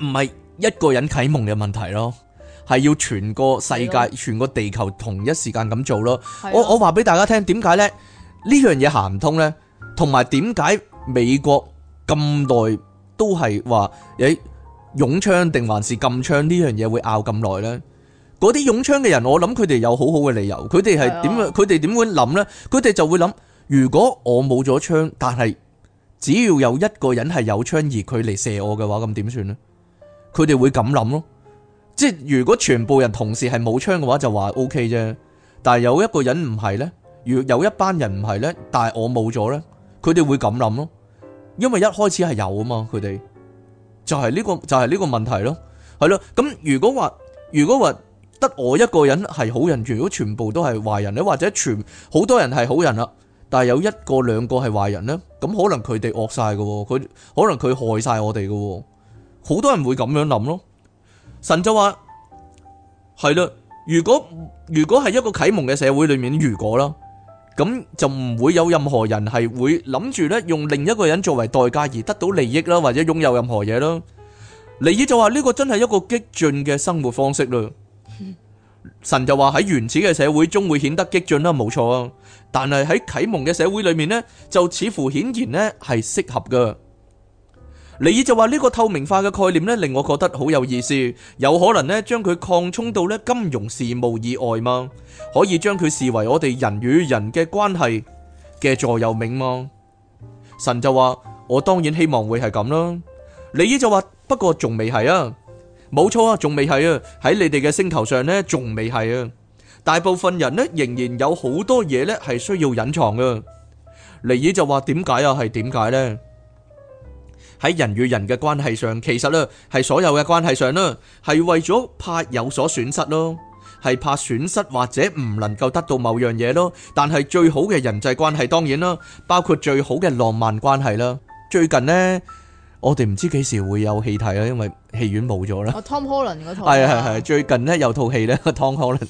唔係一個人啟蒙嘅問題咯，係要全個世界、全個地球同一時間咁做咯。我我話俾大家聽，點解呢呢樣嘢行唔通呢？同埋點解美國咁耐都係話誒？擁槍定還是禁槍呢樣嘢會拗咁耐呢？嗰啲擁槍嘅人，我諗佢哋有好好嘅理由。佢哋係點？佢哋點會諗呢？佢哋就會諗：如果我冇咗槍，但係只要有一個人係有槍而佢嚟射我嘅話，咁點算呢？佢哋會咁諗咯。即係如果全部人同時係冇槍嘅話，就話 OK 啫。但係有一個人唔係呢，如有一班人唔係呢，但係我冇咗呢，佢哋會咁諗咯。因為一開始係有啊嘛，佢哋。就係呢個就係呢個問題咯，係咯。咁如果話如果話得我一個人係好人，如果全部都係壞人咧，或者全好多人係好人啦，但係有一個兩個係壞人咧，咁可能佢哋惡晒噶，佢可能佢害晒我哋噶，好多人會咁樣諗咯。神就話係啦，如果如果係一個啟蒙嘅社會裏面，如果啦。咁就唔會有任何人係會諗住咧用另一個人作為代價而得到利益啦，或者擁有任何嘢啦。尼爾就話呢個真係一個激進嘅生活方式啦。神就話喺原始嘅社會中會顯得激進啦，冇錯啊。但係喺啟蒙嘅社會裏面咧，就似乎顯然咧係適合嘅。尼爾就話呢個透明化嘅概念咧，令我覺得好有意思，有可能咧將佢擴充到咧金融事務以外嘛，可以將佢視為我哋人與人嘅關係嘅座右銘嘛。神就話：我當然希望會係咁啦。尼爾就話：不過仲未係啊，冇錯啊，仲未係啊，喺你哋嘅星球上咧仲未係啊，大部分人咧仍然有好多嘢咧係需要隱藏噶。尼爾就話：點解啊？係點解呢？」喺人與人嘅關係上，其實咧係所有嘅關係上啦，係為咗怕有所損失咯，係怕損失或者唔能夠得到某樣嘢咯。但係最好嘅人際關係當然啦，包括最好嘅浪漫關係啦。最近咧，我哋唔知幾時會有戲睇啦，因為戲院冇咗啦。啊，Tom Holland 嗰套係啊，係係，最近咧有套戲咧，Tom Holland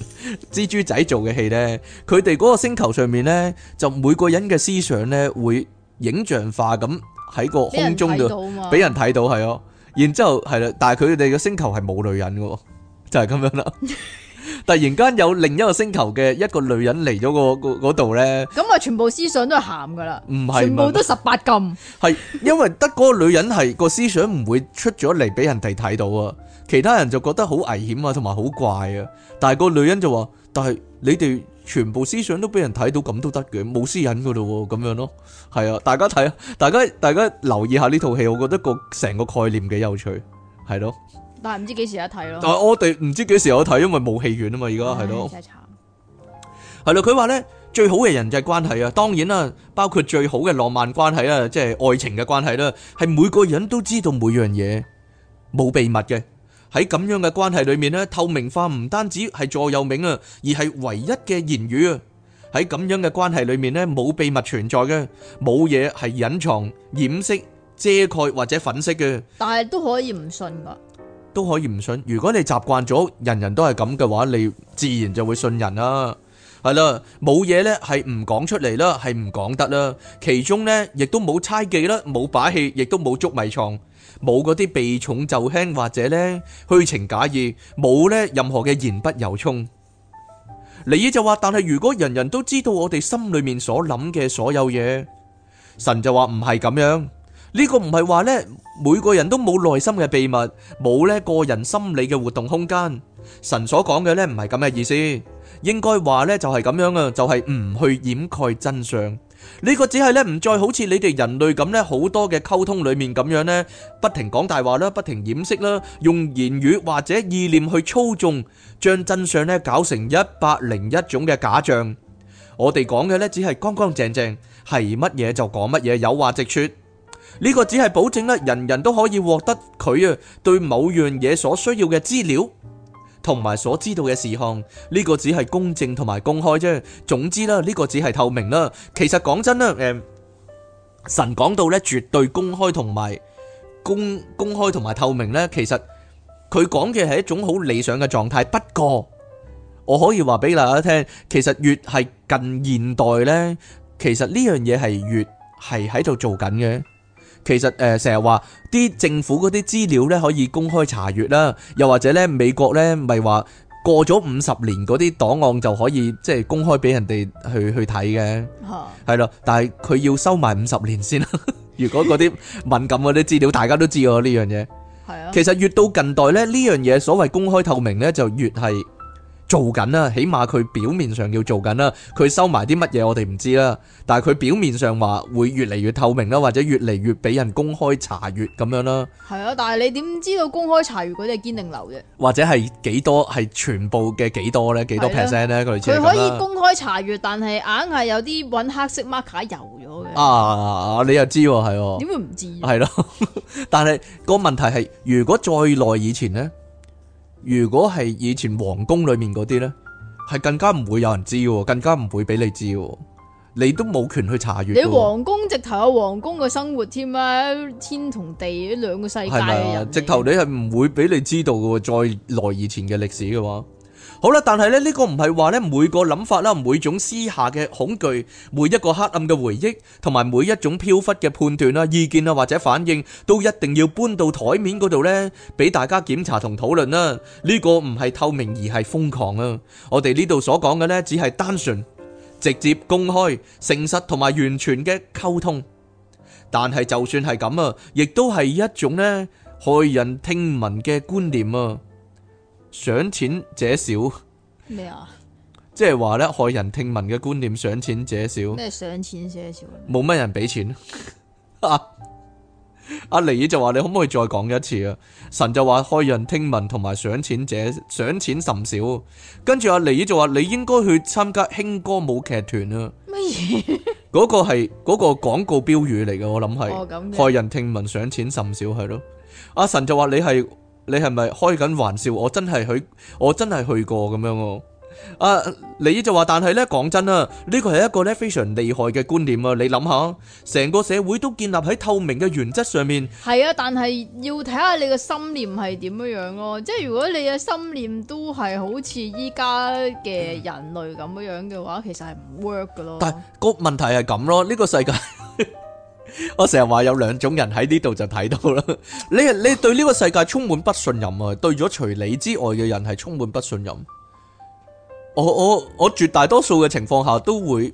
蜘蛛仔做嘅戲咧，佢哋嗰個星球上面咧，就每個人嘅思想咧會影像化咁。喺個空中度，俾人睇到係哦，然之後係啦，但係佢哋嘅星球係冇女人嘅，就係咁樣啦。突然間有另一個星球嘅一個女人嚟咗個個嗰度咧，咁啊，全部思想都係咸噶啦，唔係全部都十八禁，係因為得嗰個女人係個思想唔會出咗嚟俾人哋睇到啊，其他人就覺得好危險啊，同埋好怪啊，但係個女人就話，但係你哋。全部思想都俾人睇到咁都得嘅，冇私隱噶咯，咁樣咯，係啊，大家睇啊，大家大家留意下呢套戲，我覺得個成個概念幾有趣，係咯。但係唔知幾時有得睇咯。但係我哋唔知幾時有得睇，因為冇戲院啊嘛，而家係咯。真係慘。係咯，佢話咧最好嘅人際關係啊，當然啦，包括最好嘅浪漫關係啊，即係愛情嘅關係啦，係每個人都知道每樣嘢冇秘密嘅。喺咁樣嘅關係裏面呢，透明化唔單止係座右銘啊，而係唯一嘅言語啊。喺咁樣嘅關係裏面呢，冇秘密存在嘅，冇嘢係隱藏、掩飾、遮蓋或者粉飾嘅。但係都可以唔信噶，都可以唔信。如果你習慣咗人人都係咁嘅話，你自然就會信人啦。係啦，冇嘢呢係唔講出嚟啦，係唔講得啦。其中呢亦都冇猜忌啦，冇把戲，亦都冇捉迷藏。冇嗰啲避重就輕，或者呢虛情假意，冇呢任何嘅言不由衷。尼爾就話，但係如果人人都知道我哋心裏面所諗嘅所有嘢，神就話唔係咁樣。呢個唔係話呢每個人都冇內心嘅秘密，冇呢個人心理嘅活動空間。神所講嘅呢唔係咁嘅意思，應該話呢就係咁樣啊，就係唔去掩蓋真相。呢個只係咧，唔再好似你哋人類咁咧，好多嘅溝通裏面咁樣咧，不停講大話啦，不停掩飾啦，用言語或者意念去操縱，將真相咧搞成一百零一種嘅假象。我哋講嘅咧只係乾乾淨淨，係乜嘢就講乜嘢，有話直說。呢、呢個只係保證啦，人人都可以獲得佢啊對某樣嘢所需要嘅資料。同埋所知道嘅事項，呢個只係公正同埋公開啫。總之啦，呢個只係透明啦。其實講真啦，誒、嗯，神講到咧，絕對公開同埋公公開同埋透明呢，其實佢講嘅係一種好理想嘅狀態。不過我可以話俾大家聽，其實越係近現代呢，其實呢樣嘢係越係喺度做緊嘅。其實誒，成日話啲政府嗰啲資料咧，可以公開查閱啦，又或者咧，美國咧咪話過咗五十年嗰啲檔案就可以即係公開俾人哋去去睇嘅，係咯。但係佢要收埋五十年先啦。如果嗰啲敏感嗰啲資料，大家都知喎呢樣嘢。係啊，其實越到近代咧，呢樣嘢所謂公開透明咧，就越係。做緊啦，起碼佢表面上要做緊啦，佢收埋啲乜嘢我哋唔知啦，但係佢表面上話會越嚟越透明啦，或者越嚟越俾人公開查閱咁樣啦。係啊，但係你點知道公開查閱嗰啲係堅定流嘅？或者係幾多？係全部嘅幾多咧？幾多 percent 咧？佢可以公開查閱，但係硬係有啲揾黑色 marker 油咗嘅。啊，你又知係？點會唔知？係咯，但係個問題係，如果再耐以前咧？如果係以前皇宮裏面嗰啲咧，係更加唔會有人知，更加唔會俾你知，你都冇權去查閱。你皇宮直頭有皇宮嘅生活添啊，天同地，一兩個世界嘅人。直頭你係唔會俾你知道嘅，再耐以前嘅歷史嘅話。好啦，但係咧呢個唔係話咧每個諗法啦，每種私下嘅恐懼，每一個黑暗嘅回憶，同埋每一種飄忽嘅判斷啦、意見啊或者反應，都一定要搬到台面嗰度咧，俾大家檢查同討論啦。呢個唔係透明而係瘋狂啊！我哋呢度所講嘅咧，只係單純、直接、公開、誠實同埋完全嘅溝通。但係就算係咁啊，亦都係一種咧駭人聽聞嘅觀念啊！上錢者少咩啊？即係話咧害人聽聞嘅觀念，上錢者少咩？上錢者少，冇乜人俾錢。阿阿尼爾就話，你可唔可以再講一次啊？神就話害人聽聞同埋上錢者上錢甚少。跟住阿尼爾就話，你應該去參加輕歌舞劇團啊。乜嘢？嗰個係嗰、那個廣告標語嚟嘅，我諗係、哦、害人聽聞上錢甚少係咯。阿、啊、神就話，你係。你係咪開緊玩笑？我真係去，我真係去過咁樣喎。啊，你就話，但係呢，講真啊，呢個係一個呢非常厲害嘅觀念啊！你諗下，成個社會都建立喺透明嘅原則上面。係啊，但係要睇下你嘅心念係點樣樣咯。即係如果你嘅心念都係好似依家嘅人類咁樣樣嘅話，其實係唔 work 噶咯。但係個問題係咁咯，呢個世界。我成日話有兩種人喺呢度就睇到啦，你你對呢個世界充滿不信任啊，對咗除你之外嘅人係充滿不信任。我我我絕大多數嘅情況下都會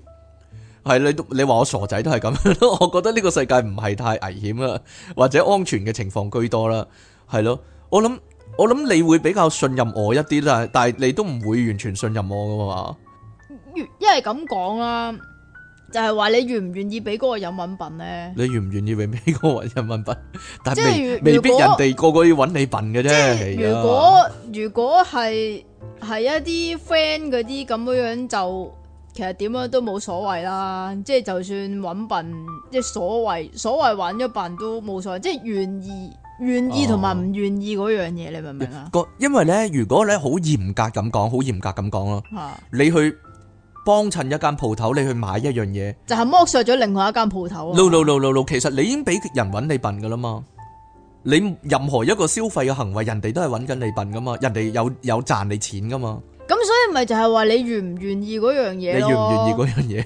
係，你你話我傻仔都係咁咯，我覺得呢個世界唔係太危險啦，或者安全嘅情況居多啦，係咯。我諗我諗你會比較信任我一啲啦，但係你都唔會完全信任我㗎嘛。一係咁講啦。就係話你願唔願意俾嗰個揾揾笨咧？你願唔願意俾嗰個人揾笨？ [laughs] 但係未，未必人哋個個要揾你笨嘅啫。如果、啊、如果係係一啲 friend 嗰啲咁樣樣就，其實點樣都冇所謂啦。即係就算揾笨，即係所謂所謂揾咗笨都冇所謂。即係願意願意同埋唔願意嗰樣嘢，啊、你明唔明啊？因為咧，如果咧好嚴格咁講，好嚴格咁講咯， [laughs] 你去。幫襯一間鋪頭，你去買一樣嘢，就係剝削咗另外一間鋪頭啊！其實你已經俾人揾你笨噶啦嘛！你任何一個消費嘅行為，人哋都係揾緊你笨噶嘛，人哋有有賺你錢噶嘛！咁所以咪就係話你願唔願意嗰樣嘢？你願唔願意嗰樣嘢？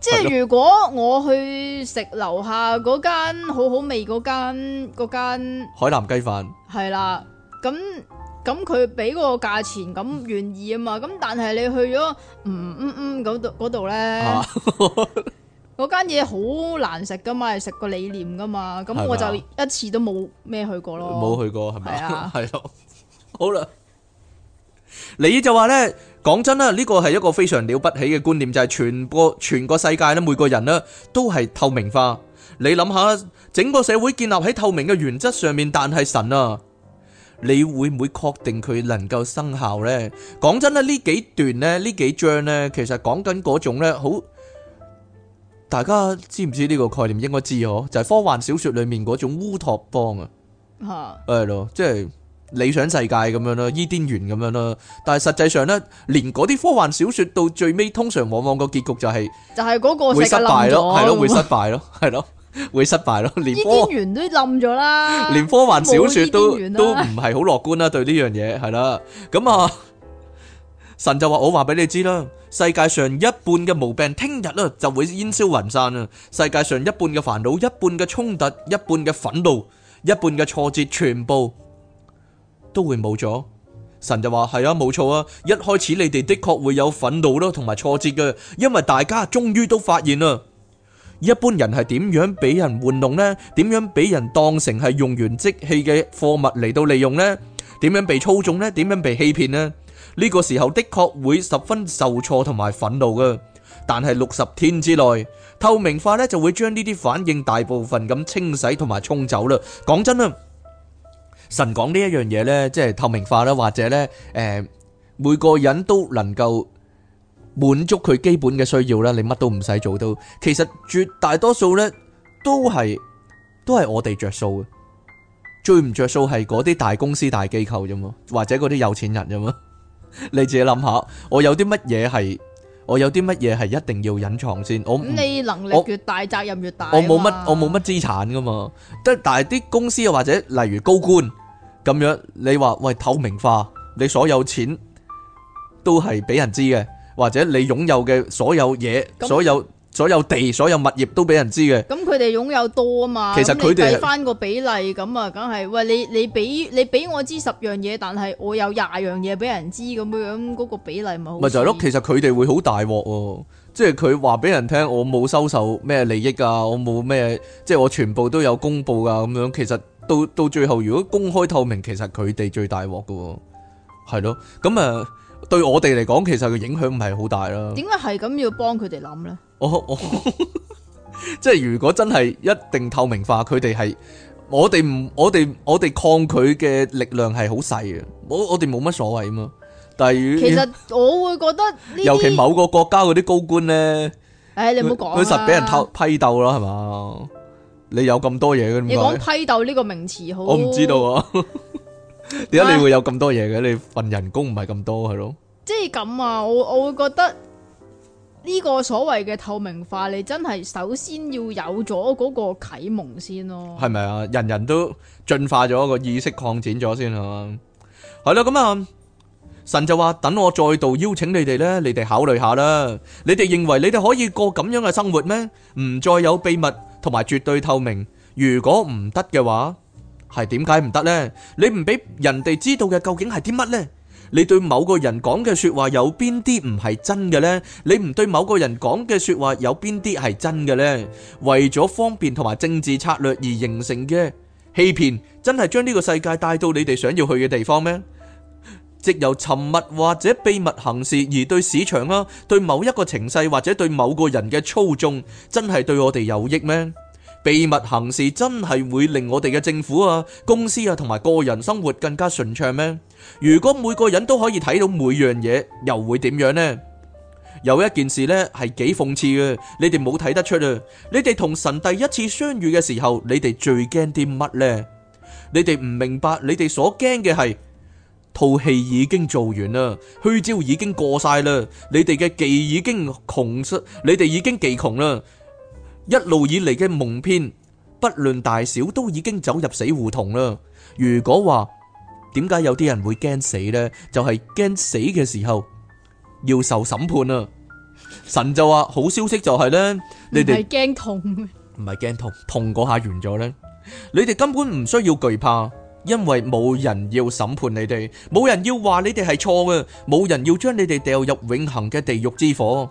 即係如果我去食樓下嗰間好好味嗰間嗰間海南雞飯，係啦，咁。咁佢俾個價錢咁願意啊嘛，咁但係你去咗唔唔唔嗰度，嗰度呢，嗰間嘢好難食噶嘛，食個理念噶嘛，咁我就一次都冇咩去過咯，冇吧去過，係咪啊？係咯，好啦，你就話呢，講真啦，呢個係一個非常了不起嘅觀念，就係、是、全個全個世界呢，每個人呢，都係透明化。你諗下，整個社會建立喺透明嘅原則上面，但係神啊！你會唔會確定佢能夠生效咧？講真啦，呢幾段咧，呢幾章咧，其實講緊嗰種咧，好，大家知唔知呢個概念？應該知哦，就係科幻小說裏面嗰種烏托邦啊，係咯，即係理想世界咁樣啦，伊甸園咁樣啦。但係實際上咧，連嗰啲科幻小說到最尾，通常往往個結局就係就係嗰個會失敗咯，係咯，會失敗咯，係咯。會失敗咯，連科幻都冧咗啦，連科幻小說都、啊、都唔係好樂觀啦，對呢樣嘢係啦，咁、嗯、啊，神就話我話俾你知啦，世界上一半嘅毛病，聽日呢就會煙消雲散啊，世界上一半嘅煩惱，一半嘅衝突，一半嘅憤怒，一半嘅挫折，全部都會冇咗。神就話係啊，冇錯啊，一開始你哋的確會有憤怒咯，同埋挫折嘅，因為大家終於都發現啦。一般人係點樣俾人玩弄呢？點樣俾人當成係用完即棄嘅貨物嚟到利用呢？點樣被操縱呢？點樣被欺騙呢？呢個時候的確會十分受挫同埋憤怒噶。但係六十天之內，透明化呢就會將呢啲反應大部分咁清洗同埋沖走啦。講真啊，神講呢一樣嘢呢，即係透明化啦，或者呢，誒，每個人都能夠。滿足佢基本嘅需要啦，你乜都唔使做到，其實絕大多數呢都係都係我哋著數嘅。最唔著數係嗰啲大公司大機構啫嘛，或者嗰啲有錢人啫嘛。你自己諗下，我有啲乜嘢係我有啲乜嘢係一定要隱藏先？我咁你能力越大，責任越大。我冇乜，我冇乜資產噶嘛，得。但係啲公司又或者例如高官咁樣，你話喂，透明化，你所有錢都係俾人知嘅。或者你擁有嘅所有嘢，咁所有所有地、所有物業都俾人知嘅。咁佢哋擁有多啊嘛，其實佢哋計翻個比例咁啊，梗係喂你你俾你俾我知十樣嘢，但係我有廿樣嘢俾人知咁樣，咁嗰個比例咪咪就係咯。其實佢哋會好大鑊喎，即係佢話俾人聽，我冇收受咩利益啊，我冇咩，即係我全部都有公佈噶咁樣。其實到到最後，如果公開透明，其實佢哋最大鑊嘅喎，係咯咁啊。對我哋嚟講，其實個影響唔係好大啦。點解係咁要幫佢哋諗咧？我我即係如果真係一定透明化，佢哋係我哋唔我哋我哋抗拒嘅力量係好細嘅。我我哋冇乜所謂嘛。但係其實我會覺得，尤其某個國家嗰啲高官咧，誒、哎，你唔好講佢實俾人批批鬥啦，係嘛，啊？你有咁多嘢你講批鬥呢個名詞好？我唔知道。啊。 [laughs] 點解你會有咁多嘢嘅？你份人工唔係咁多係咯？即係咁啊！我我會覺得呢個所謂嘅透明化，你真係首先要有咗嗰個啟蒙先咯。係咪啊？人人都進化咗個意識擴展咗先啊！係嘛？係啦，咁啊，神就話：等我再度邀請你哋呢，你哋考慮下啦。你哋認為你哋可以過咁樣嘅生活咩？唔再有秘密同埋絕對透明。如果唔得嘅話。係點解唔得呢？你唔俾人哋知道嘅究竟係啲乜呢？你對某個人講嘅說話有邊啲唔係真嘅呢？你唔對某個人講嘅說話有邊啲係真嘅呢？為咗方便同埋政治策略而形成嘅欺騙，真係將呢個世界帶到你哋想要去嘅地方咩？藉由沉默或者秘密行事而對市場啊，對某一個情勢或者對某個人嘅操縱，真係對我哋有益咩？秘密行事真係會令我哋嘅政府啊、公司啊同埋個人生活更加順暢咩？如果每個人都可以睇到每樣嘢，又會點樣呢？有一件事呢係幾諷刺嘅，你哋冇睇得出啊！你哋同神第一次相遇嘅時候，你哋最驚啲乜呢？你哋唔明白，你哋所驚嘅係套戲已經做完啦，虛招已經過晒啦，你哋嘅技已經窮失，你哋已經技窮啦。一路以嚟嘅蒙騙，不論大小，都已經走入死胡同啦。如果話點解有啲人會驚死呢？就係、是、驚死嘅時候要受審判啊！神就話好消息就係、是、呢，你哋唔係驚痛，唔係驚痛，痛嗰下完咗呢，你哋根本唔需要懼怕，因為冇人要審判你哋，冇人要話你哋係錯嘅，冇人要將你哋掉入永恆嘅地獄之火。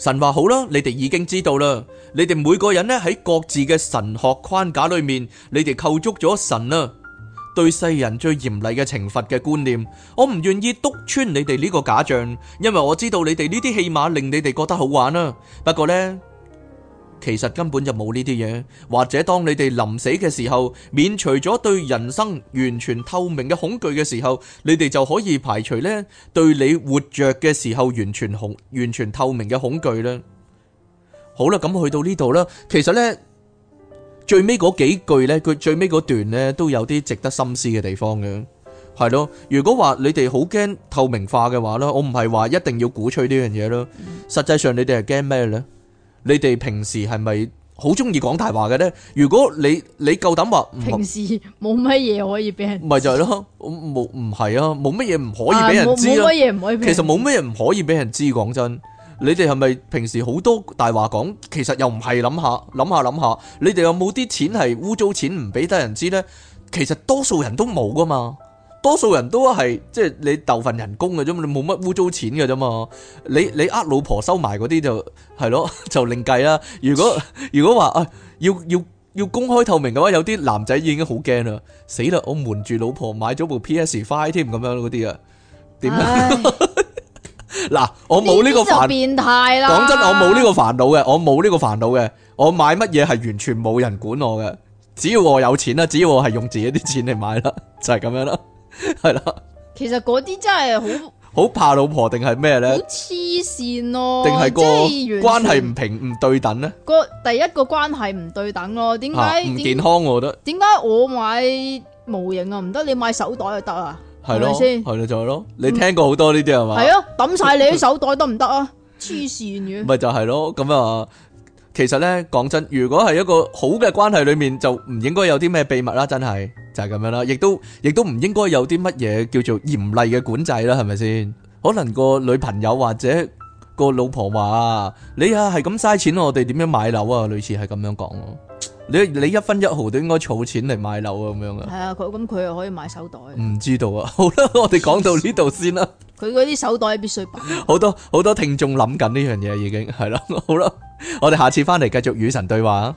神話，好啦，你哋已經知道啦。你哋每個人咧，喺各自嘅神學框架裏面，你哋構築咗神啊，對世人最嚴厲嘅懲罰嘅觀念。我唔願意篤穿你哋呢個假象，因為我知道你哋呢啲戲碼令你哋覺得好玩啊。不過呢。其實根本就冇呢啲嘢，或者當你哋臨死嘅時候，免除咗對人生完全透明嘅恐懼嘅時候，你哋就可以排除呢對你活着嘅時候完全恐完全透明嘅恐懼啦。好啦，咁去到呢度啦，其實呢最尾嗰幾句呢，佢最尾嗰段呢都有啲值得深思嘅地方嘅，係咯。如果話你哋好驚透明化嘅話咧，我唔係話一定要鼓吹呢樣嘢咯。實際上你哋係驚咩呢？你哋平時係咪好中意講大話嘅咧？如果你你夠膽話，平時冇乜嘢可以俾人，咪 [laughs] 就係咯，冇唔係啊，冇乜嘢唔可以俾人知、啊、人知其實冇乜嘢唔可以俾人知，講真，你哋係咪平時好多大話講？其實又唔係，諗下諗下諗下，你哋有冇啲錢係污糟錢唔俾得人知咧？其實多數人都冇噶嘛。多數人都係即係你斗份人工嘅啫嘛，你冇乜污糟錢嘅啫嘛。你你呃老婆收埋嗰啲就係咯，就另計啦。如果如果話誒、哎、要要要公開透明嘅話，有啲男仔已經好驚啦。死唉 [laughs] 啦！我瞞住老婆買咗部 PS Five 添咁樣嗰啲啊，點啊？嗱，我冇呢個煩，變態啦，講真，我冇呢個煩惱嘅，我冇呢個煩惱嘅。我買乜嘢係完全冇人管我嘅，只要我有錢啦，只要我係用自己啲錢嚟買啦，就係、是、咁樣啦。係啦， [laughs] 了其實嗰啲真係好好怕老婆定係咩咧？好黐綫咯，定係個關係唔平唔對等咧？個第一個關係唔對等咯，點解唔健康？我覺得點解我買模型啊唔得，你買手袋就得啊？係咯 [laughs] 吧，先係咯，就係咯，你聽過好多呢啲係嘛？係 [laughs] 咯，抌晒你啲手袋得唔得啊？黐綫嘅，咪就係咯，咁啊。其實咧，講真，如果係一個好嘅關係裏面，就唔應該有啲咩秘密啦，真係就係咁樣啦，亦都亦都唔應該有啲乜嘢叫做嚴厲嘅管制啦，係咪先？可能個女朋友或者個老婆話，你啊係咁嘥錢，我哋點樣買樓啊？類似係咁樣講。你你一分一毫都應該儲錢嚟買樓啊，咁樣啊？係啊，佢咁佢又可以買手袋。唔知道啊。好啦，我哋講到呢度先啦。佢嗰啲手袋必須品。好多好多聽眾諗緊呢樣嘢，已經係啦，啊。好啦，我哋下次翻嚟繼續與神對話啊。